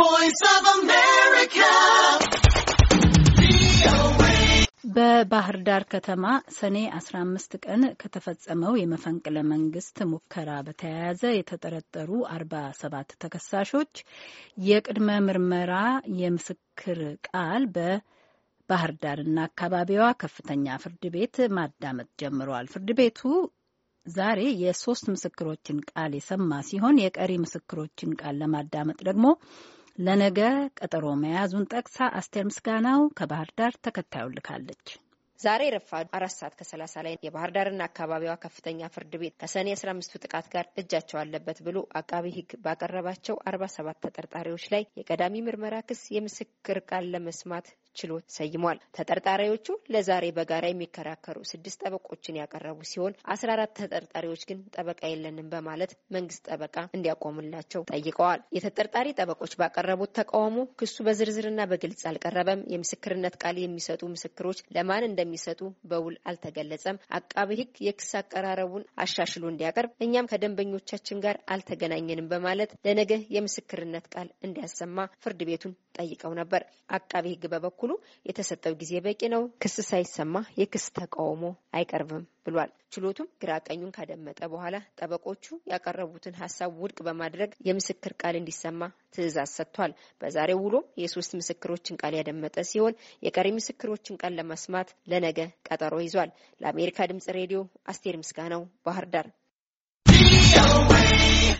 voice of America. በባህር ዳር ከተማ ሰኔ 15 ቀን ከተፈጸመው የመፈንቅለ መንግስት ሙከራ በተያያዘ የተጠረጠሩ 47 ተከሳሾች የቅድመ ምርመራ የምስክር ቃል በ ባህር ዳርና አካባቢዋ ከፍተኛ ፍርድ ቤት ማዳመጥ ጀምረዋል። ፍርድ ቤቱ ዛሬ የሶስት ምስክሮችን ቃል የሰማ ሲሆን የቀሪ ምስክሮችን ቃል ለማዳመጥ ደግሞ ለነገ ቀጠሮ መያዙን ጠቅሳ አስቴር ምስጋናው ከባህር ዳር ተከታዩን ልካለች። ዛሬ ረፋዱ አራት ሰዓት ከሰላሳ ላይ የባህር ዳርና አካባቢዋ ከፍተኛ ፍርድ ቤት ከሰኔ አስራ አምስቱ ጥቃት ጋር እጃቸው አለበት ብሎ አቃቢ ሕግ ባቀረባቸው አርባ ሰባት ተጠርጣሪዎች ላይ የቀዳሚ ምርመራ ክስ የምስክር ቃል ለመስማት ችሎት ሰይሟል። ተጠርጣሪዎቹ ለዛሬ በጋራ የሚከራከሩ ስድስት ጠበቆችን ያቀረቡ ሲሆን አስራ አራት ተጠርጣሪዎች ግን ጠበቃ የለንም በማለት መንግስት ጠበቃ እንዲያቆምላቸው ጠይቀዋል። የተጠርጣሪ ጠበቆች ባቀረቡት ተቃውሞ ክሱ በዝርዝርና በግልጽ አልቀረበም፣ የምስክርነት ቃል የሚሰጡ ምስክሮች ለማን እንደሚሰጡ በውል አልተገለጸም፣ አቃቢ ሕግ የክስ አቀራረቡን አሻሽሎ እንዲያቀርብ እኛም ከደንበኞቻችን ጋር አልተገናኘንም በማለት ለነገ የምስክርነት ቃል እንዲያሰማ ፍርድ ቤቱን ጠይቀው ነበር። አቃቤ ሕግ በበኩ በበኩሉ የተሰጠው ጊዜ በቂ ነው፣ ክስ ሳይሰማ የክስ ተቃውሞ አይቀርብም ብሏል። ችሎቱም ግራ ቀኙን ካደመጠ በኋላ ጠበቆቹ ያቀረቡትን ሀሳብ ውድቅ በማድረግ የምስክር ቃል እንዲሰማ ትዕዛዝ ሰጥቷል። በዛሬው ውሎም የሶስት ምስክሮችን ቃል ያደመጠ ሲሆን የቀሪ ምስክሮችን ቃል ለመስማት ለነገ ቀጠሮ ይዟል። ለአሜሪካ ድምጽ ሬዲዮ አስቴር ምስጋናው ባህር ዳር